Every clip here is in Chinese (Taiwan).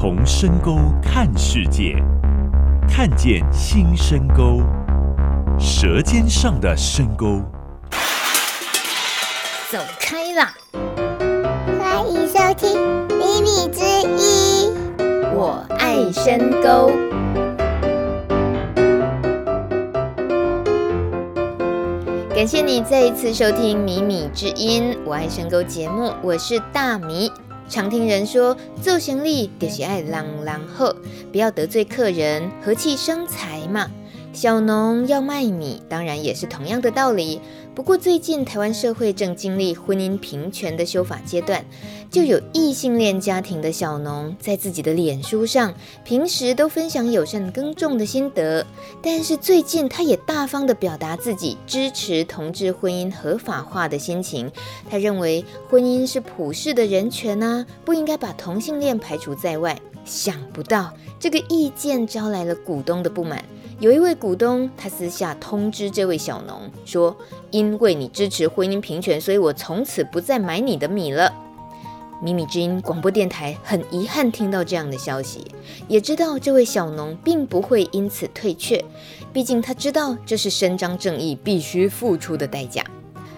從深溝看世界，看見新深溝，舌尖上的深溝。走開啦！歡迎收聽《米米之音》，我愛深溝。感謝你再一次收聽《米米之音》，我愛深溝節目。我是大米。常聽人說，做生意就是愛人人好，不要得罪客人，和氣生財嘛。小農要賣米，當然也是同樣的道理。不過最近台灣社會正經歷婚姻平權的修法階段，就有異性戀家庭的小農在自己的臉書上，平時都分享友善耕種的心得。但是最近他也大方地表達自己支持同志婚姻合法化的心情。他認為婚姻是普世的人權啊，不應該把同性戀排除在外。想不到這個意見招來了股東的不滿。有一位股東，他私下通知這位小農說：“因為你支持婚姻平權，所以我從此不再買你的米了。”米米之音廣播電台很遺憾聽到這樣的消息，也知道這位小農並不會因此退卻，畢竟他知道這是伸張正義必須付出的代價。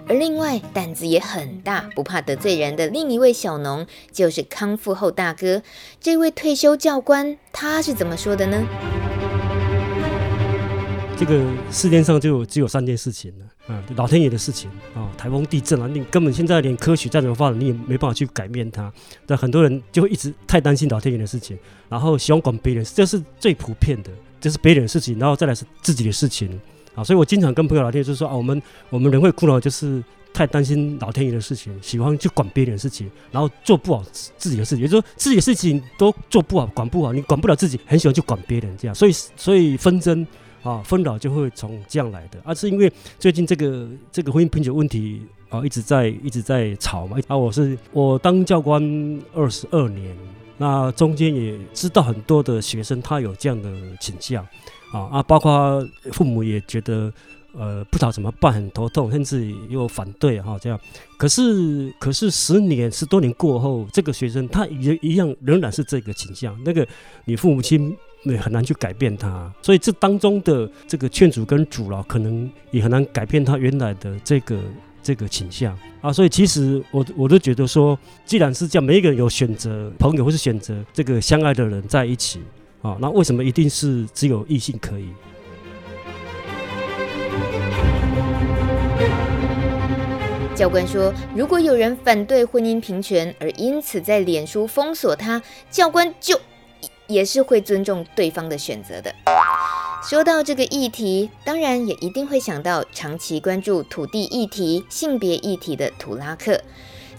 而另外膽子也很大、不怕得罪人的另一位小農，就是康復後大哥。這位退休教官他是怎麼說的呢？這個世界上就只有三件事情了，嗯，老天爺的事情啊，颱風、地震啊，你根本現在連科學再怎麼發展，你也沒辦法去改變它。但很多人就會一直太擔心老天爺的事情，然後喜歡管別人，這是最普遍的，這是別人的事情，然後再來是自己的事情啊。所以我經常跟朋友聊天就說，就是說啊，我們我們人會苦惱，就是太擔心老天爺的事情，喜歡去管別人的事情，然後做不好自己的事情，也就是說自己的事情都做不好，管不好，你管不了自己，很喜歡去管別人，這樣，所以所以紛爭。啊，紛擾就會從這樣來的而、啊、是因為最近這個這個婚姻平等問題啊，一直在一直在吵嘛。啊，我是我當教官二十二年，那中間也知道很多的學生他有這樣的傾向，啊啊，包括父母也覺得呃不知道怎麼辦，很頭痛，甚至又反對哈、啊、這樣。可是可是十年十多年過後，這個學生他也一樣仍然是這個傾向。那個你父母親。也很難去改變他，所以這當中的這個勸阻跟阻撓，可能也很難改變他原來的這個這個傾向啊。所以其實我我都覺得說，既然是這樣，每一個人有選擇朋友或是選擇這個相愛的人在一起啊，那為什麼一定是只有異性可以？教官說，如果有人反對婚姻平權而因此在臉書封鎖他，教官就。也是會尊重對方的選擇的。說到這個議題，當然也一定會想到長期關注土地議題、性別議題的土拉客。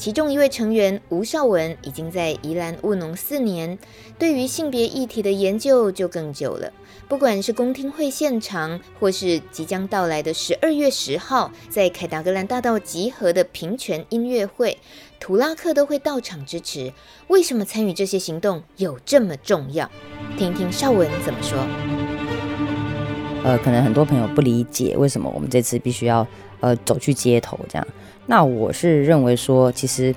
其中一位成員吳少文已經在宜蘭務農四年，對於性別議題的研究就更久了。不管是公聽會現場，或是即將到來的十二月十號在凱達格蘭大道集合的平權音樂會，圖拉克都會到場支持。為什麼參與這些行動有這麼重要？聽聽少文怎麼說。呃，可能很多朋友不理解為什麼我們這次必須要呃走去街頭這樣。那我是認為說，其實，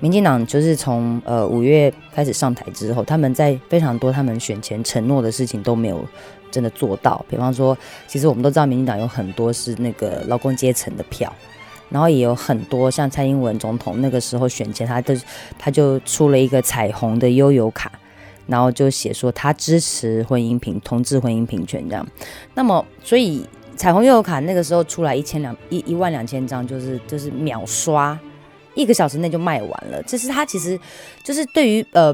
民進黨就是從呃五月開始上台之後，他們在非常多他們選前承諾的事情都沒有真的做到。比方說，其實我們都知道，民進黨有很多是那個勞工階層的票，然後也有很多像蔡英文總統那個時候選前他，他都他就出了一個彩虹的悠游卡，然後就寫說他支持婚姻平、同志、婚姻平權這樣。那麼，所以。彩虹悠遊卡那個時候出來一千兩一一萬兩千張，就是就是秒刷，一個小時內就賣完了。這是他其實就是對於呃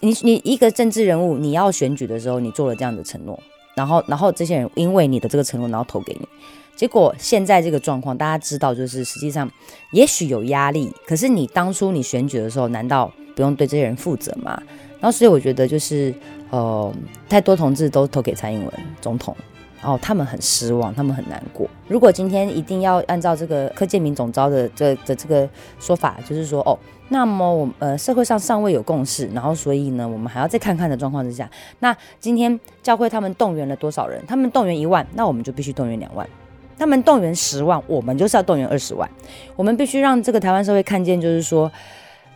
你你一個政治人物，你要選舉的時候，你做了這樣的承諾，然後然後這些人因為你的這個承諾，然後投給你。結果現在這個狀況大家知道，就是實際上也許有壓力，可是你當初你選舉的時候，難道不用對這些人負責嗎？然後所以我覺得就是呃太多同志都投給蔡英文總統。哦，他們很失望，他們很難過。如果今天一定要按照這個柯建銘總召的這的這個說法，就是說哦，那麼我們呃社會上尚未有共識，然後所以呢，我們還要再看看的狀況之下，那今天教會他們動員了多少人？他們動員一萬，那我們就必須動員兩萬；他們動員十萬，我們就是要動員二十萬。我們必須讓這個台灣社會看見，就是說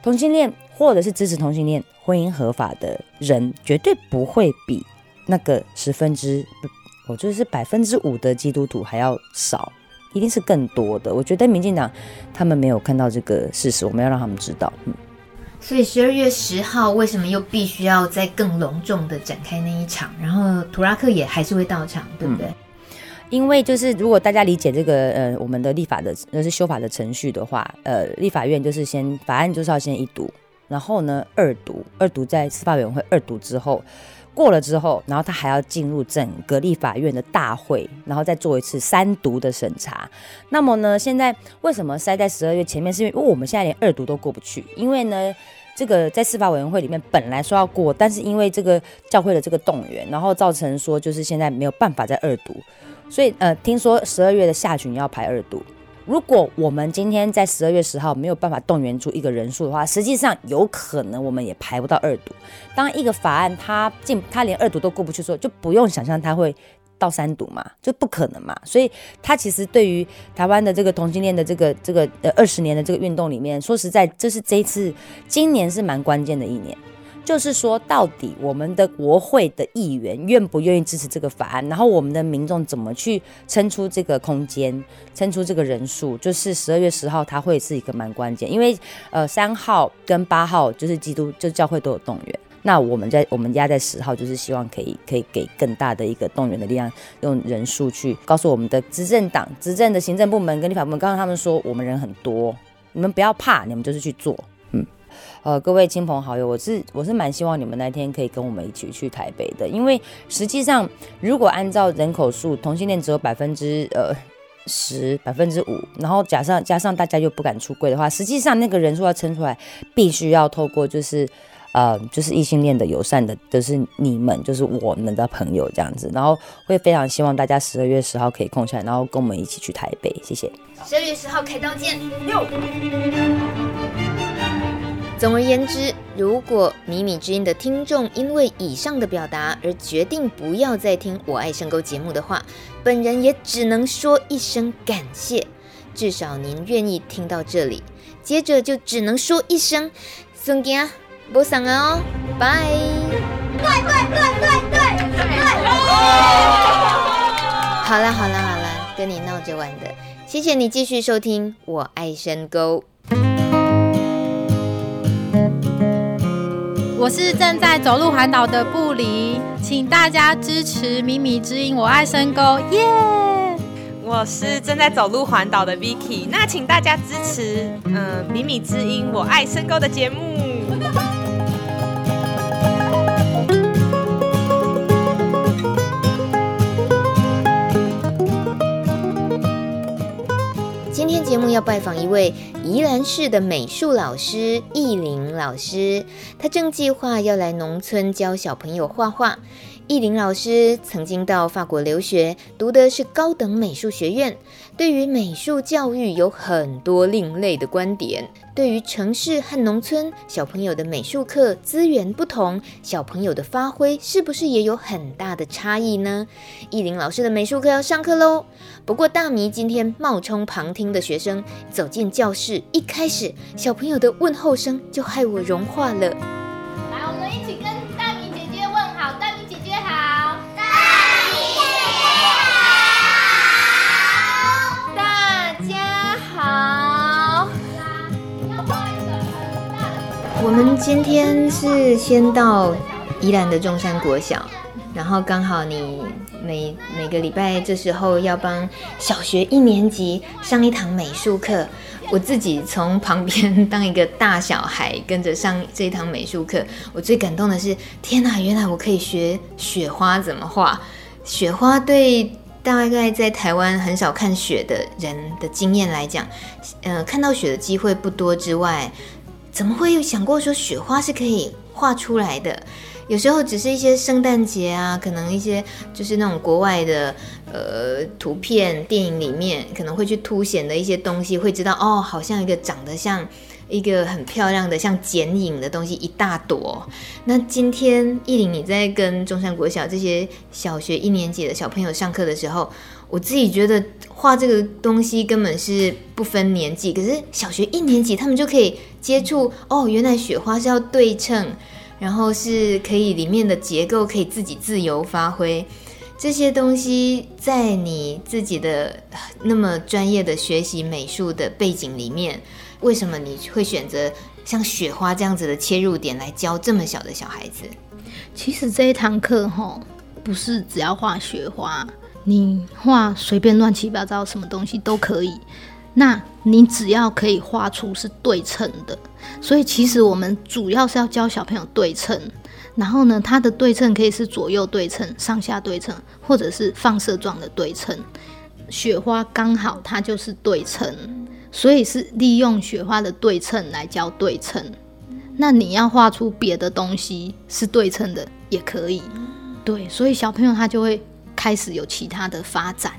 同性戀或者是支持同性戀婚姻合法的人，絕對不會比那個十分之。就是百分之五的基督徒還要少，一定是更多的。我覺得民進黨他們沒有看到這個事實，我們要讓他們知道。嗯，所以十二月十號為什麼又必須要再更隆重的展開那一場？然後圖拉克也還是會到場，對不對？嗯，因為就是如果大家理解這個呃我們的立法的那、就是修法的程序的話，呃立法院就是先法案就是要先一讀，然後呢二讀，二讀在司法委員會二讀之後。過了之後，然後他還要進入整個立法院的大會，然後再做一次三讀的審查。那麼呢，現在為什麼塞在十二月前面？是因為我們現在連二讀都過不去，因為呢，這個在司法委員會裡面本來說要過，但是因為這個教會的這個動員，然後造成說就是現在沒有辦法再二讀，所以呃，聽說十二月的下旬要排二讀。如果我們今天在十二月十號沒有辦法動員出一個人數的話，實際上有可能我們也排不到二讀。當一個法案它進，它連二讀都過不去的時候，說就不用想象它會到三讀嘛，就不可能嘛。所以它其實對於台灣的這個同性戀的這個這個呃二十年的這個運動裡面，說實在，這是這一次今年是蠻關鍵的一年。就是說，到底我們的國會的議員願不願意支持這個法案？然後我們的民眾怎麼去撐出這個空間，撐出這個人數？就是十二月十號，它會是一個蠻關鍵，因為呃，三號跟八號就是基督就教會都有動員。那我們在我們壓在十號，就是希望可以可以給更大的一個動員的力量，用人數去告訴我們的執政黨、執政的行政部門跟立法部門，告訴他們說，我們人很多，你們不要怕，你們就是去做。呃，各位親朋好友，我是我是蠻希望你們那天可以跟我們一起去台北的，因為實際上，如果按照人口數，同性戀只有百分之呃十百分之五，然後加上加上大家又不敢出櫃的話，實際上那個人數要撐出來，必須要透過就是呃就是異性戀的友善的，就是你們就是我們的朋友這樣子，然後會非常希望大家十二月十號可以空下來，然後跟我們一起去台北，謝謝。十二月十號凱道見。總而言之，如果米米之音的聽眾因為以上的表達而決定不要再聽我愛深溝節目的話，本人也只能說一聲感謝，至少您願意聽到這裡，接着就只能說一聲，送個不送啊哦，拜。對對對對對對，對，對，對，對好！好了好了好了，跟你鬧着玩的，謝謝你繼續收聽我愛深溝。我是正在走路環島的布里，請大家支持《米米之音》，我愛深溝，耶、yeah!！我是正在走路環島的 Vicky，那請大家支持嗯，呃《米米之音》，我愛深溝的節目。節目要拜訪一位宜蘭市的美術老師薏凌老師，她正計劃要來農村教小朋友畫畫。薏凌老師曾經到法國留學，讀的是高等美術學院，對於美術教育有很多另類的觀點。對於城市和農村小朋友的美術課資源不同，小朋友的發揮是不是也有很大的差異呢？薏凌老師的美術課要上課嘍！不過大米今天冒充旁聽的學生走進教室，一開始小朋友的問候聲就害我融化了。我們今天是先到宜蘭的中山國小，然後剛好你每每個禮拜這時候要幫小學一年級上一堂美術課，我自己從旁邊當一個大小孩跟着上這一堂美術課。我最感動的是，天哪、啊！原來我可以學雪花怎麼畫。雪花對大概在台灣很少看雪的人的經驗來講，呃，看到雪的機會不多之外。怎麼會有想過說雪花是可以畫出來的？有時候只是一些聖誕節啊，可能一些就是那種國外的呃圖片、電影裡面可能會去凸顯的一些東西，會知道哦，好像一個長得像一個很漂亮的像剪影的東西，一大朵。那今天薏凌你在跟中山國小這些小學一年級的小朋友上課的時候。我自己覺得畫這個東西根本是不分年紀，可是小學一年級他們就可以接觸哦，原來雪花是要對稱，然後是可以裡面的結構可以自己自由發揮。這些東西在你自己的那麼專業的學習美術的背景裡面，為什麼你會選擇像雪花這樣子的切入點來教這麼小的小孩子？其實這一堂課吼、哦，不是只要畫雪花。你畫隨便亂七八糟什麼東西都可以，那你只要可以畫出是對稱的，所以其實我們主要是要教小朋友對稱。然後呢，它的對稱可以是左右對稱、上下對稱，或者是放射狀的對稱。雪花剛好它就是對稱，所以是利用雪花的對稱來教對稱。那你要畫出別的東西是對稱的也可以，對，所以小朋友他就會。開始有其他的發展，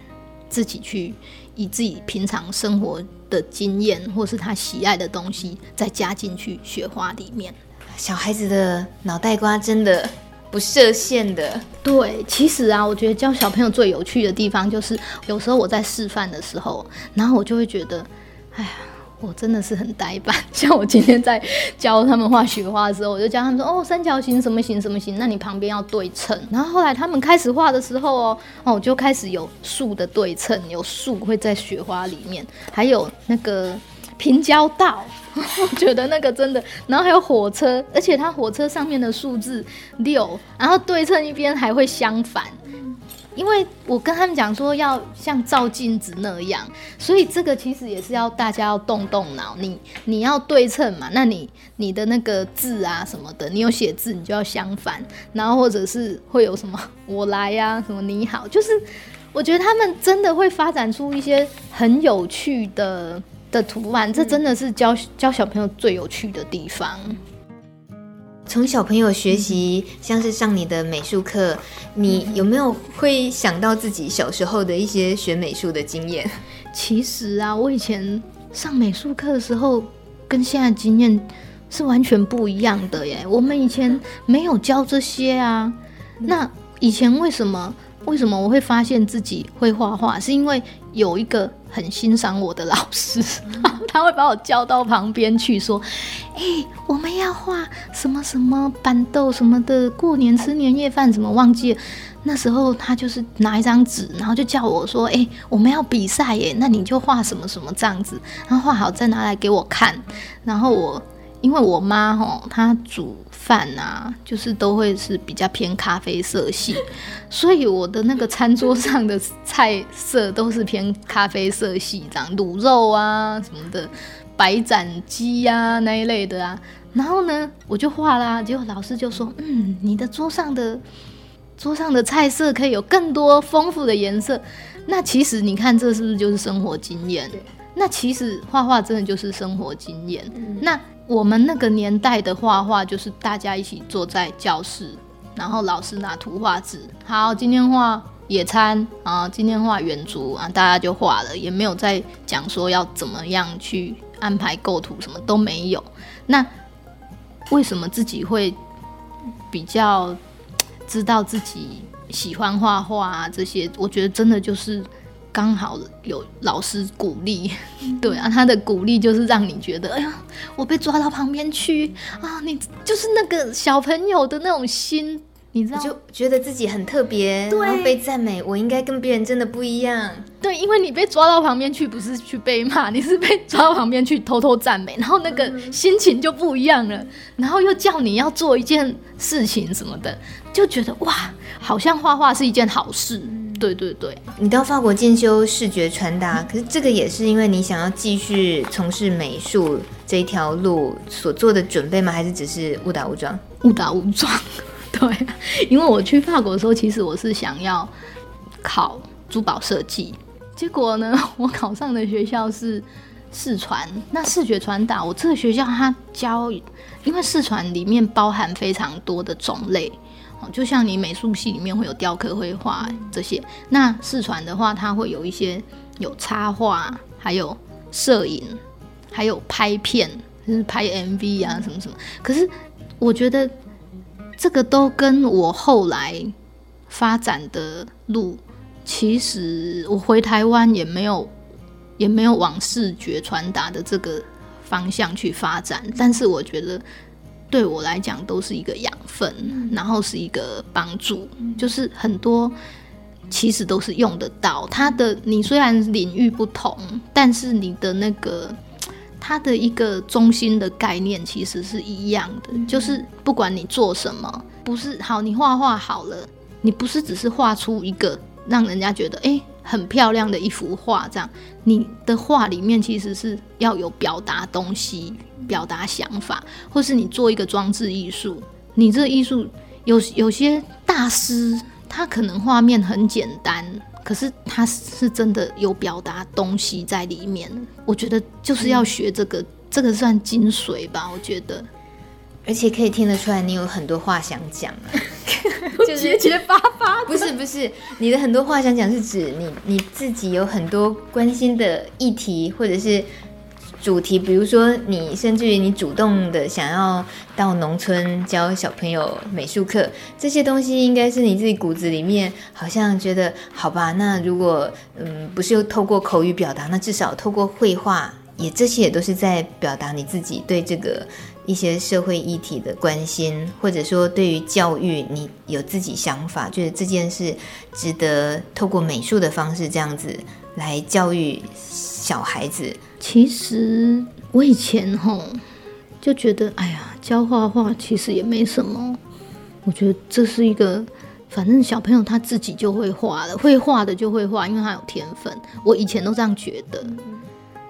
自己去以自己平常生活的經驗，或是他喜愛的東西，再加進去雪花裡面。小孩子的腦袋瓜真的不設限的。對，其實啊，我覺得教小朋友最有趣的地方，就是有時候我在示範的時候，然後我就會覺得，哎呀。我真的是很呆板，像我今天在教他們畫雪花的時候，我就教他們說，哦，三角形什麼形什麼形，那你旁邊要對稱。然後後來他們開始畫的時候，哦，哦，就開始有樹的對稱，有樹會在雪花裡面，還有那個平交道，我覺得那個真的，然後還有火車，而且它火車上面的數字六，然後對稱一邊還會相反。因為我跟他們講說要像照鏡子那樣，所以這個其實也是要大家要動動腦。你你要對稱嘛，那你你的那個字啊什麼的，你有寫字你就要相反，然後或者是會有什麼我來呀、啊，什麼你好，就是我覺得他們真的會發展出一些很有趣的的圖案。嗯、這真的是教教小朋友最有趣的地方。從小朋友學習，像是上你的美術課，你有沒有會想到自己小時候的一些學美術的經驗？其實啊，我以前上美術課的時候，跟現在經驗是完全不一樣的耶。我們以前沒有教這些啊。那以前為什麼？為什麼我會發現自己會畫畫？是因為。有一個很欣賞我的老師， 他會把我叫到旁邊去說：“哎、欸，我們要畫什麼什麼板豆什麼的，過年吃年夜飯怎麼忘記了？”那時候他就是拿一張紙，然後就叫我說：“哎、欸，我們要比賽耶，那你就畫什麼什麼這樣子，然後畫好再拿來給我看。”然後我。因為我媽吼、哦，她煮飯呐、啊，就是都會是比較偏咖啡色系，所以我的那個餐桌上的菜色都是偏咖啡色系這樣，滷肉啊什麼的，白斬雞呀、啊、那一類的啊。然後呢，我就畫啦、啊，結果老師就說：“嗯，你的桌上的桌上的菜色可以有更多豐富的顏色。”那其實你看，這是不是就是生活經驗？那其實畫畫真的就是生活經驗。那。我們那個年代的畫畫，就是大家一起坐在教室，然後老師拿圖畫紙，好，今天畫野餐啊，今天畫遠足啊，大家就畫了，也沒有再講說要怎麼樣去安排構圖，什麼都沒有。那為什麼自己會比較知道自己喜歡畫畫啊？這些，我覺得真的就是。剛好有老師鼓勵，嗯、哼對啊，他的鼓勵就是讓你覺得，哎呀，我被抓到旁邊去啊，你就是那個小朋友的那種心，你知道，就覺得自己很特別，對然後被讚美，我應該跟別人真的不一樣。對，因為你被抓到旁邊去，不是去被罵，你是被抓到旁邊去偷偷讚美，然後那個心情就不一樣了。然後又叫你要做一件事情什麼的，就覺得哇，好像畫畫是一件好事。對對對，你到法國進修視覺傳達，可是這個也是因為你想要繼續從事美術這條路所做的準備嗎？還是只是誤打誤撞？誤打誤撞，對，因為我去法國的時候，其實我是想要考珠寶設計，結果呢，我考上的學校是視傳，那視覺傳達，我這個學校它教，因為視傳裡面包含非常多的種類。就像你美術系裡面會有雕刻、繪畫這些，那視傳的話，它會有一些有插畫，還有攝影，還有拍片，就是拍 MV 啊什麼什麼。可是我覺得這個都跟我後來發展的路，其實我回台灣也沒有也沒有往視覺傳達的這個方向去發展，但是我覺得。對我來講都是一個養分，然後是一個幫助，就是很多其實都是用得到它的。你雖然領域不同，但是你的那個它的一個中心的概念其實是一樣的，就是不管你做什麼，不是好你畫畫好了，你不是只是畫出一個讓人家覺得哎。誒很漂亮的一幅畫，這樣你的畫裡面其實是要有表達東西、表達想法，或是你做一個裝置藝術，你這個藝術有，有些大師，他可能畫面很簡單，可是他是真的有表達東西在裡面。我覺得就是要學這個，這個算精髓吧，我覺得。而且可以聽得出來，你有很多話想講，結結、 就是、 巴巴。不是不是，你的很多話想講，是指你你自己有很多關心的議題或者是主題，比如說你甚至於你主動的想要到農村教小朋友美術課，這些東西應該是你自己骨子裡面好像覺得，好吧，那如果嗯不是又透過口語表達，那至少透過繪畫，也這些也都是在表達你自己對這個。一些社會議題的關心，或者說對於教育，你有自己想法，覺得這件事值得透過美術的方式這樣子來教育小孩子。其實我以前吼就覺得，哎呀，教畫畫其實也沒什麼。我覺得這是一個，反正小朋友他自己就會畫了，會畫的就會畫，因為他有天分。我以前都這樣覺得，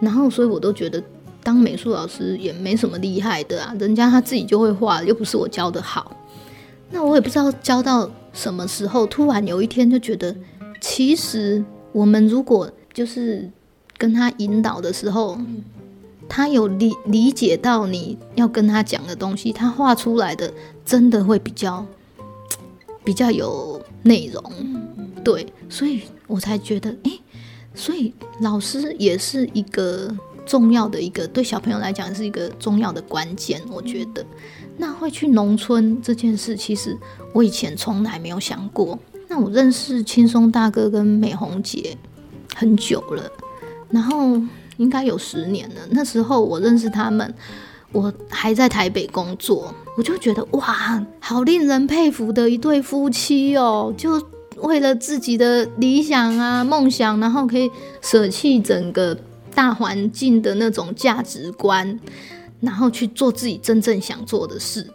然後所以我都覺得。當美術老師也沒什麼厲害的啊，人家他自己就會畫，又不是我教得好。那我也不知道教到什麼時候，突然有一天就覺得，其實我們如果就是跟他引導的時候，他有理理解到你要跟他講的東西，他畫出來的真的會比較比較有內容。對，所以我才覺得，欸，所以老師也是一個。重要的一個對小朋友來講是一個重要的關鍵。我覺得那會去農村這件事，其實我以前從來沒有想過。那我認識青松大哥跟美虹姐很久了，然後應該有十年了。那時候我認識他們，我還在台北工作，我就覺得哇，好令人佩服的一對夫妻哦，就為了自己的理想啊夢想，然後可以捨棄整個。大環境的那種價值觀，然後去做自己真正想做的事。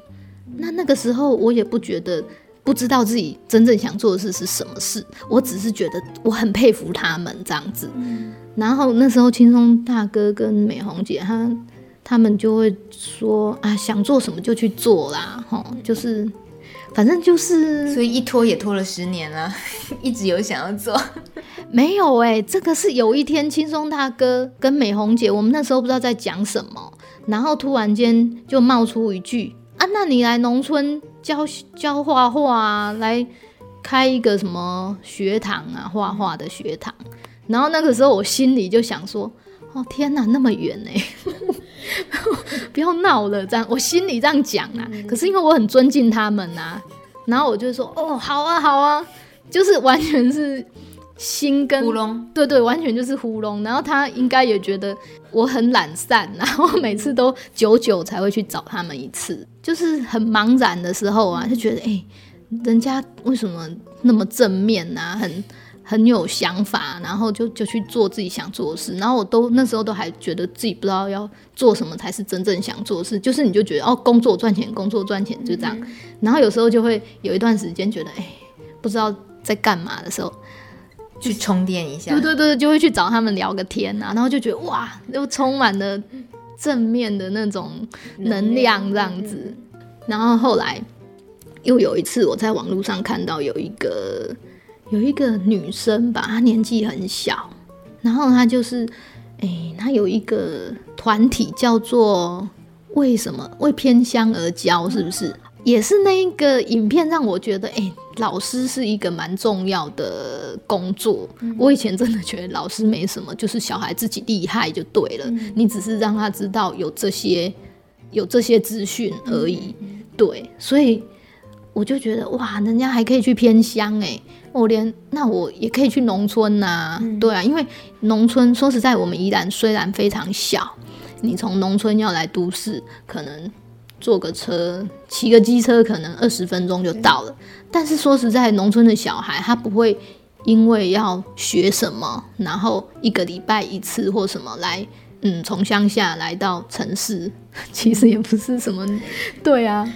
那那個時候我也不覺得，不知道自己真正想做的事是什麼事。我只是覺得我很佩服他們這樣子。然後那時候輕鬆大哥跟美紅姐他他們就會說啊，想做什麼就去做啦，吼，就是。反正就是，所以一拖也拖了十年了， 一直有想要做，沒有哎、欸，這個是有一天清松大哥跟美紅姐，我們那時候不知道在講什麼，然後突然間就冒出一句啊，那你來農村教教畫畫啊，來開一個什麼學堂啊，畫畫的學堂，然後那個時候我心裡就想說，哦天哪！那麼遠哎、欸。 不要鬧了，這樣我心裡這樣講啊。可是因為我很尊敬他們吶、啊，然後我就說哦，好啊，好啊，就是完全是心跟呼嚨，對對，完全就是糊弄。然後他應該也覺得我很懶散，然後每次都久久才會去找他們一次，就是很茫然的時候啊，就覺得哎、欸，人家為什麼那麼正面吶、啊，很。很有想法，然後就就去做自己想做的事，然後我都那時候都還覺得自己不知道要做什麼才是真正想做的事，就是你就覺得哦，工作賺錢，工作賺錢就這樣，嗯嗯，然後有時候就會有一段時間覺得哎、欸，不知道在幹嘛的時候，去充電一下，對對對，就會去找他們聊個天吶、啊，然後就覺得哇，又充滿了正面的那種能量這樣子，嗯嗯嗯，然後後來又有一次我在網路上看到有一個。有一個女生吧，她年紀很小，然後她就是，哎、欸，她有一個團體叫做為什麼為偏鄉而教，是不是？也是那一個影片讓我覺得，哎、欸，老師是一個蠻重要的工作。嗯、我以前真的覺得老師沒什麼，就是小孩自己厲害就對了，嗯、你只是讓他知道有這些有這些資訊而已。嗯、對，所以我就覺得哇，人家還可以去偏鄉哎、欸。我連那我也可以去農村吶、啊，嗯、對啊，因為農村說實在，我們宜蘭雖然非常小，你從農村要來都市，可能坐個車、騎個機車，可能二十分鐘就到了。嗯、但是說實在，農村的小孩他不會因為要學什麼，然後一個禮拜一次或什麼來，嗯，從鄉下來到城市。其實也不是什麼，對啊，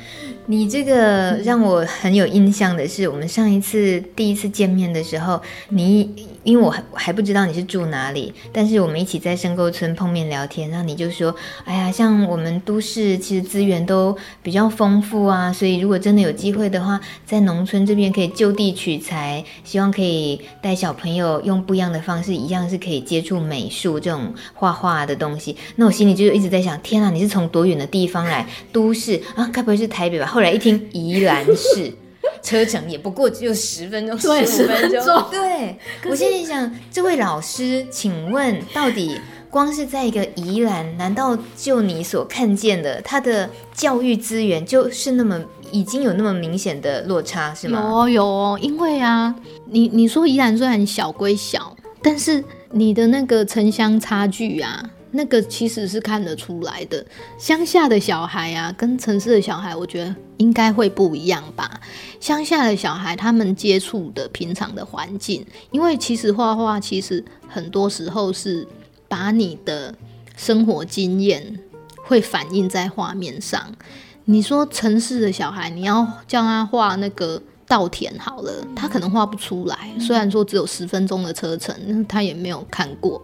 你這個讓我很有印象的是，我們上一次第一次見面的時候，你因為我還我還不知道你是住哪裡，但是我們一起在深溝村碰面聊天，然後你就說，哎呀，像我們都市其實資源都比較豐富啊，所以如果真的有機會的話，在農村這邊可以就地取材，希望可以帶小朋友用不一樣的方式，一樣是可以接觸美術這種畫畫的東西。那我心裡就一直在想，天啊，你是從。多遠的地方來？都市啊，該不會是台北吧？後來一聽，宜蘭市， 車程也不過只有十分鐘、十五分鐘。對，我心裡想，這位老師，請問到底，光是在一個宜蘭，難道就你所看見的，它的教育資源就是那麼已經有那麼明顯的落差，是嗎？有哦，有哦，因為啊，你你說宜蘭雖然小歸小，但是你的那個城鄉差距啊。那個其實是看得出來的，鄉下的小孩啊，跟城市的小孩，我覺得應該會不一樣吧。鄉下的小孩，他們接觸的平常的環境，因為其實畫畫，其實很多時候是把你的生活經驗會反映在畫面上。你說城市的小孩，你要叫他畫那個稻田好了，他可能畫不出來。嗯、雖然說只有十分鐘的車程，他也沒有看過，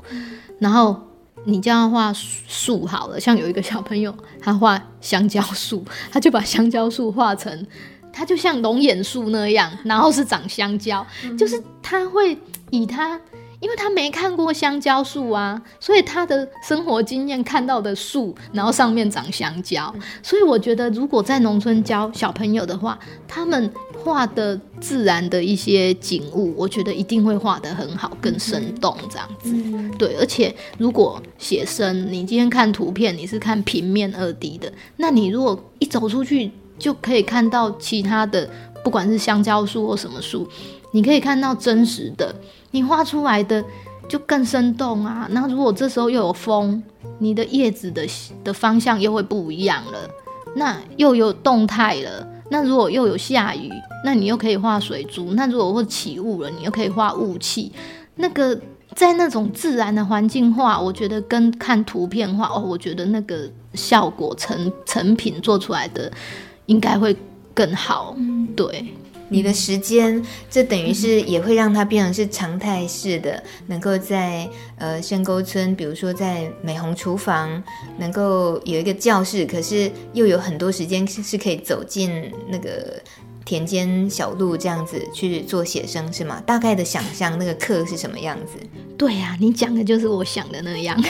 然後。你叫他畫樹好了，像有一個小朋友，他畫香蕉樹，他就把香蕉樹畫成，他就像龍眼樹那樣，然後是長香蕉，嗯、就是他會以他。因為他沒看過香蕉樹啊，所以他的生活經驗看到的樹，然後上面長香蕉，所以我覺得如果在農村教小朋友的話，他們畫的自然的一些景物，我覺得一定會畫得很好，更生動這樣子。對，而且如果寫生，你今天看圖片，你是看平面二 D 的，那你如果一走出去，就可以看到其他的，不管是香蕉樹或什麼樹，你可以看到真實的。你畫出來的就更生動啊！那如果這時候又有風，你的葉子的的方向又會不一樣了，那又有動態了。那如果又有下雨，那你又可以畫水珠。那如果會起霧了，你又可以畫霧氣。那個在那種自然的環境畫，我覺得跟看圖片畫，哦，我覺得那個效果成成品做出來的應該會更好。對。你的時間，嗯、這等於是也會讓它變成是常態式的，嗯、能夠在呃深溝村，比如說在美紅廚房，能夠有一個教室，可是又有很多時間是可以走進那個田間小路，這樣子去做寫生，是嗎？大概的想象，那個課是什麼樣子？對呀、啊，你講的就是我想的那樣。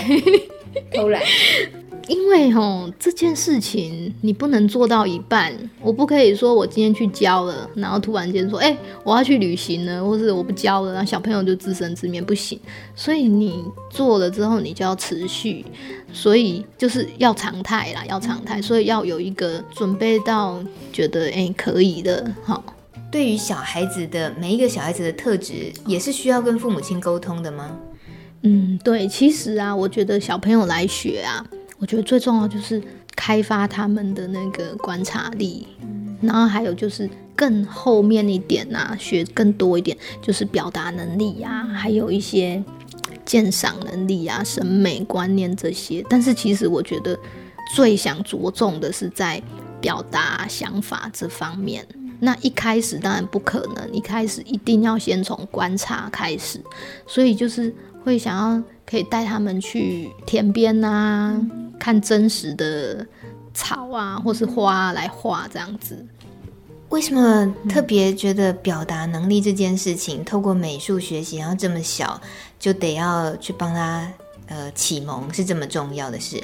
偷懶， 因為吼這件事情你不能做到一半，我不可以說我今天去教了，然後突然間說，哎、欸，我要去旅行了，或者我不教了，那小朋友就自生自滅，不行。所以你做了之後，你就要持續，所以就是要常態啦，要常態，所以要有一個準備到覺得哎、欸、可以的。好，對於小孩子的每一個小孩子的特質，也是需要跟父母親溝通的嗎？嗯，對，其實啊，我覺得小朋友來學啊，我覺得最重要就是開發他們的那個觀察力，然後還有就是更後面一點吶，學更多一點，就是表達能力呀，還有一些鑑賞能力啊，審美觀念這些。但是其實我覺得最想着重的是在表達想法這方面。那一開始當然不可能，一開始一定要先從觀察開始，所以就是。會想要可以帶他們去田邊啊，看真實的草啊，或是花啊，來畫這樣子。為什麼特別覺得表達能力這件事情，嗯，透過美術學習，然後這麼小就得要去幫他呃啟蒙，是這麼重要的事？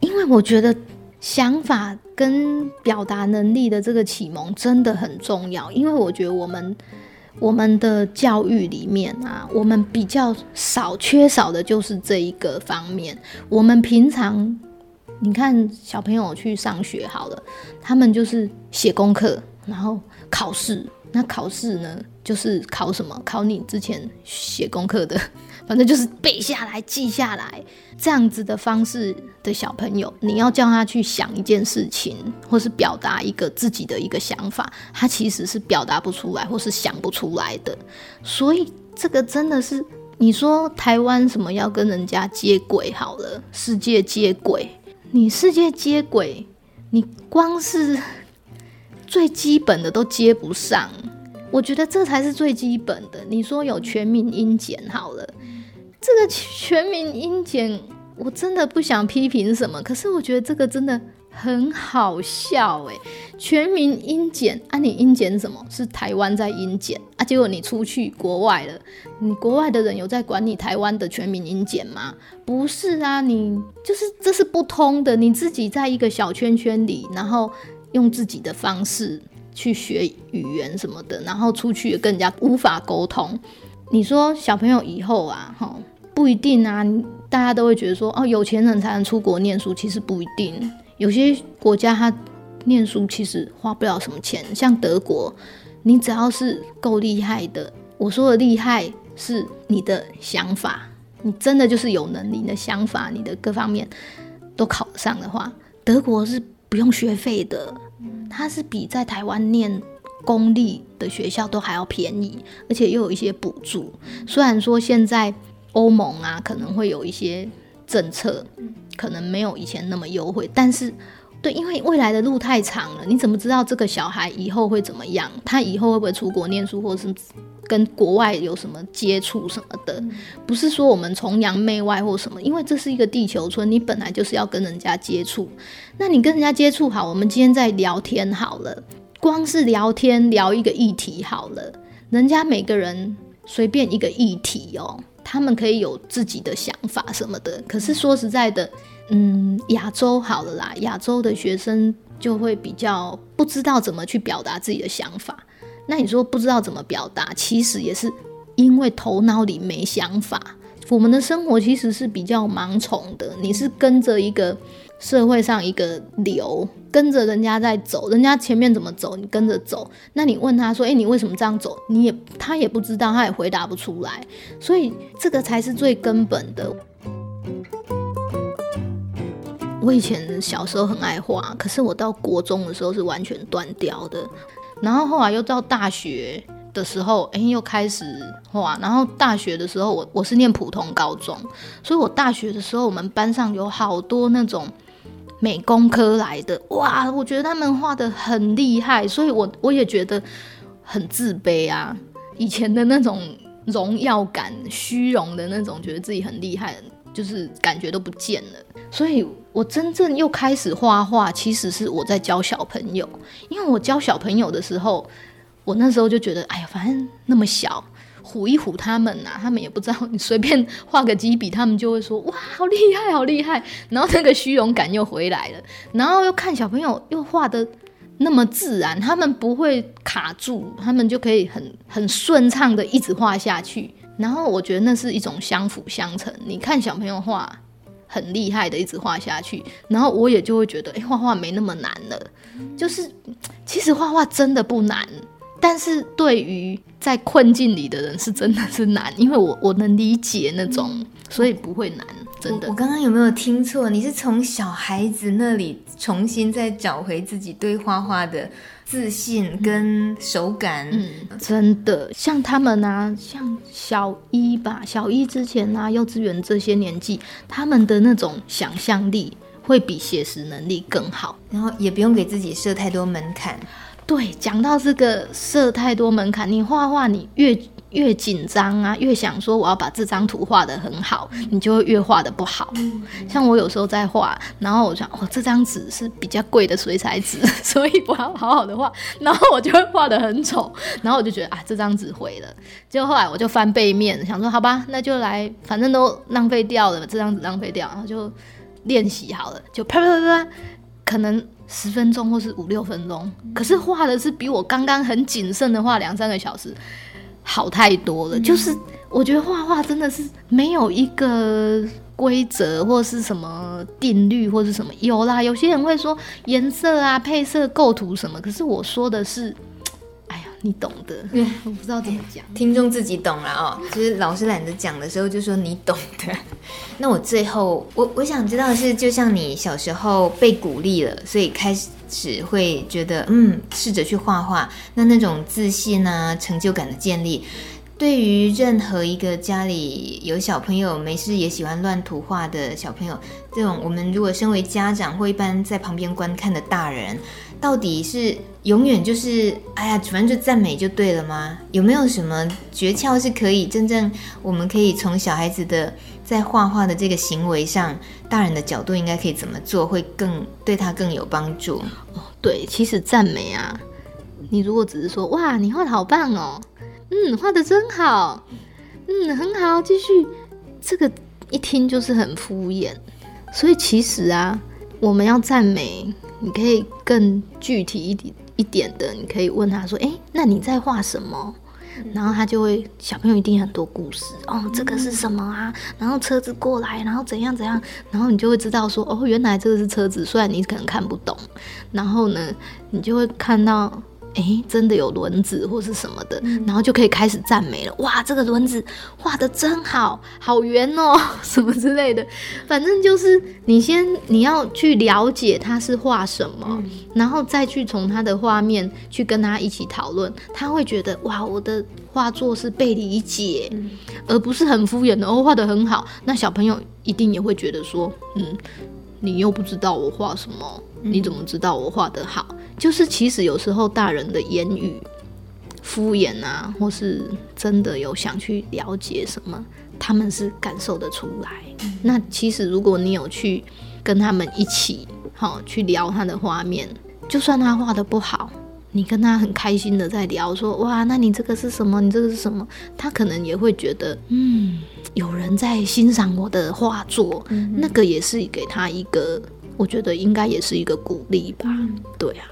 因為我覺得想法跟表達能力的這個啟蒙真的很重要，因為我覺得我們。我們的教育裡面啊，我們比較少、缺少的就是這一個方面。我們平常，你看小朋友去上學好了，他們就是寫功課，然後考試。那考試呢，就是考什麼？考你之前寫功課的。反正就是背下來、記下來這樣子的方式的小朋友，你要叫他去想一件事情，或是表達一個自己的一個想法，他其實是表達不出來，或是想不出來的。所以這個真的是，你說台灣什麼要跟人家接軌好了，世界接軌，你世界接軌，你光是最基本的都接不上。我覺得這才是最基本的。你說有全民英檢好了，這個全民英檢，我真的不想批評什麼。可是我覺得這個真的很好笑誒，全民英檢啊，你英檢什麼是台灣在英檢啊？結果你出去國外了，你國外的人有在管理台灣的全民英檢嗎？不是啊，你就是這是不通的。你自己在一個小圈圈裡，然後用自己的方式。去學語言什麼的，然後出去也跟人家無法溝通。你說小朋友以後啊，哈，不一定啊，大家都會覺得說，哦，有錢人才能出國念書，其實不一定。有些國家他念書其實花不了什麼錢，像德國，你只要是夠厲害的，我說的厲害是你的想法，你真的就是有能力，你的想法，你的各方面都考得上的話，德國是不用學費的。它是比在台灣念公立的學校都還要便宜，而且又有一些補助。雖然說現在歐盟啊，可能會有一些政策，可能沒有以前那麼優惠，但是。對，因為未來的路太長了，你怎麼知道這個小孩以後會怎麼樣？他以後會不會出國念書，或是跟國外有什麼接觸什麼的？不是說我們崇洋媚外或什麼，因為這是一個地球村，你本來就是要跟人家接觸。那你跟人家接觸好，我們今天在聊天好了，光是聊天聊一個議題好了，人家每個人隨便一個議題哦，他們可以有自己的想法什麼的。可是說實在的，嗯，亞洲好了啦，亞洲的學生就會比較不知道怎麼去表達自己的想法。那你說不知道怎麼表達，其實也是因為頭腦裡沒想法。我們的生活其實是比較盲從的，你是跟着一個社會上一個流，跟着人家在走，人家前面怎麼走，你跟着走。那你問他說，誒，你為什麼這樣走？你也他也不知道，他也回答不出來。所以這個才是最根本的。我以前小時候很愛畫，可是我到國中的時候是完全斷掉的，然後後來又到大學的時候，哎、欸，又開始畫。然後大學的時候我，我我是念普通高中，所以我大學的時候，我們班上有好多那種美工科來的，哇，我覺得他們畫得很厲害，所以我我也覺得很自卑啊，以前的那種榮耀感、虛榮的那種，覺得自己很厲害。就是感覺都不見了，所以我真正又開始畫畫，其實是我在教小朋友。因為我教小朋友的時候，我那時候就覺得，哎呀，反正那麼小，唬一唬他們吶、啊，他們也不知道你隨便畫個幾筆，他們就會說哇，好厲害，好厲害。然後那個虛榮感又回來了，然後又看小朋友又畫得那麼自然，他們不會卡住，他們就可以很很順暢的一直畫下去。然後我覺得那是一種相輔相成。你看小朋友畫很厲害的，一直畫下去，然後我也就會覺得，誒、欸，畫畫沒那麼難了。嗯、就是其實畫畫真的不難，但是對於在困境裡的人是真的是難，因為我我能理解那種，嗯、所以不會難。真的，我剛剛有沒有聽錯？你是從小孩子那裡重新再找回自己對畫畫的？自信跟手感，嗯，真的像他們啊，像小一吧，小一之前啊，幼稚園這些年紀，他們的那種想象力會比寫實能力更好，嗯，然後也不用給自己設太多門檻。對，講到這個設太多門檻，你畫畫你越。越緊張啊，越想說我要把這張圖畫得很好，嗯、你就會越畫得不好。嗯嗯、像我有時候在畫，然後我想，哦，這張紙是比較貴的水彩紙，所以我要好好的畫，然後我就會畫得很醜，然後我就覺得啊，這張紙毀了。結果後來我就翻背面，想說好吧，那就來，反正都浪費掉了，這張紙浪費掉，然後就練習好了，就啪啪啪啪，可能十分鐘或是五六分鐘，嗯、可是畫的是比我剛剛很謹慎的畫兩三個小時。好太多了，就是我覺得畫畫真的是沒有一個規則或是什麼定律或是什麼有啦。有些人會說顏色啊、配色、構圖什麼，可是我說的是。你懂的，嗯，我不知道怎麼講，聽眾自己懂了哦。其實老師懶得講的時候，就說你懂的。 那我最後，我我想知道的是，就像你小時候被鼓勵了，所以開始會覺得嗯，試着去畫畫。那那種自信啊，成就感的建立，對於任何一個家裡有小朋友沒事也喜歡亂塗畫的小朋友，這種我們如果身為家長或一般在旁邊觀看的大人。到底是永遠就是哎呀，反正就讚美就對了嗎？有沒有什麼訣竅是可以真正，我們可以從小孩子的在畫畫的這個行為上，大人的角度應該可以怎麼做，會更對他更有幫助？哦，對，其實讚美啊，你如果只是說哇，你畫得好棒哦，嗯，畫得真好，嗯，很好，繼續，這個一聽就是很敷衍。所以其實啊，我們要讚美。你可以更具體一點一點的，你可以問他說：“誒，那你在畫什麼？”然後他就會，小朋友一定很多故事哦。這個是什麼啊？然後車子過來，然後怎樣怎樣，然後你就會知道說：“哦，原來這個是車子。”雖然你可能看不懂，然後呢，你就會看到。欸，真的有輪子或是什麼的，然後就可以開始讚美了。哇，這個輪子畫得真好，好圓哦，什麼之類的。反正就是你先你要去了解他是畫什麼，然後再去從他的畫面去跟他一起討論。他會覺得哇，我的畫作是被理解，而不是很敷衍的哦，畫得很好。那小朋友一定也會覺得說，嗯，你又不知道我畫什麼，你怎麼知道我畫得好？就是其實有時候大人的言語敷衍啊，或是真的有想去了解什麼，他們是感受得出來。嗯、那其實如果你有去跟他們一起好、哦、去聊他的畫面，就算他畫的不好，你跟他很開心的在聊說，說哇，那你這個是什麼？你這個是什麼？他可能也會覺得，嗯，有人在欣賞我的畫作，嗯嗯，那個也是給他一個，我覺得應該也是一個鼓勵吧。嗯、對啊。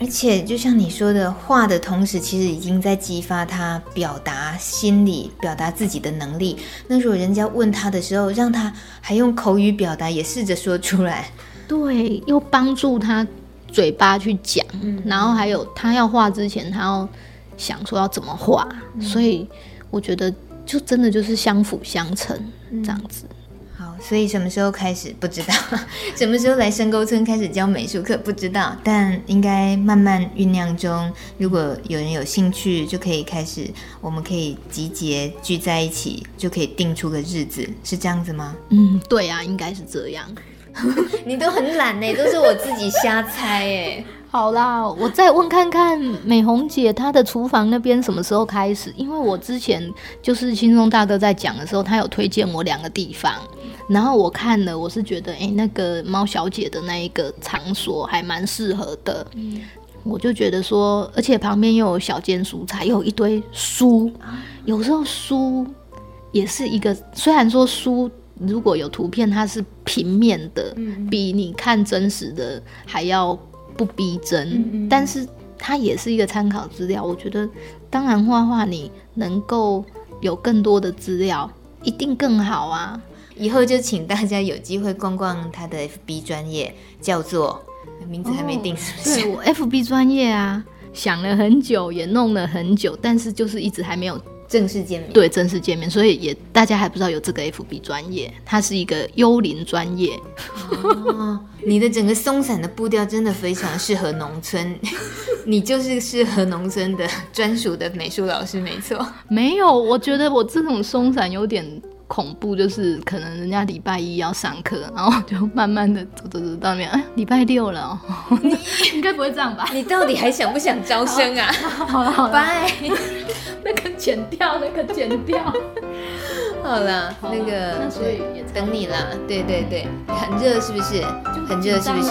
而且，就像你說的，畫的同時，其實已經在激發他表達心裡、表達自己的能力。那時候人家問他的時候，讓他還用口語表達，也試着說出來，對，又幫助他嘴巴去講。嗯、然後還有他要畫之前，他要想說要怎麼畫。嗯、所以我覺得就真的就是相輔相成、嗯、這樣子。好，所以什麼時候開始不知道，什麼時候來深溝村開始教美術課不知道，但應該慢慢醞釀中。如果有人有興趣，就可以開始，我們可以集結聚在一起，就可以定出個日子，是這樣子嗎？嗯，對啊，應該是這樣。 你都很懶呢、欸，都是我自己瞎猜誒、欸。好啦，我再問看看美紅姐她的廚房那邊什麼時候開始？因為我之前就是輕鬆大哥在講的時候，他有推薦我兩個地方，然後我看了，我是覺得誒、欸，那個貓小姐的那一個場所還蠻適合的，嗯、我就覺得說，而且旁邊又有小間蔬菜，又有一堆書，有時候書也是一個，雖然說書如果有圖片，它是平面的，嗯、比你看真實的還要。不逼真，但是他也是一個參考資料。我覺得，當然畫畫，你能夠有更多的資料，一定更好啊！以後就請大家有機會逛逛他的 FB 專頁，叫做名字還沒定是不是？oh, 對，我 FB 專頁啊，想了很久，也弄了很久，但是就是一直還沒有。正式見面，對，正式見面，所以也大家還不知道有這個 FB 專頁，它是一個幽靈專頁 哦。你的整個鬆散的步調真的非常適合農村， 你就是適合農村的專屬的美術老師，沒錯。沒有，我覺得我這種鬆散有點。恐怖就是可能人家禮拜一要上課，然後就慢慢的走走走到那邊，哎，禮拜六了哦，你 應該不會這樣吧？你到底還想不想招生啊？ 好了，拜。那個剪掉，那個剪掉。 好了啦，那個那是也等你啦。對，對對對，很熱是不是？很熱是不是？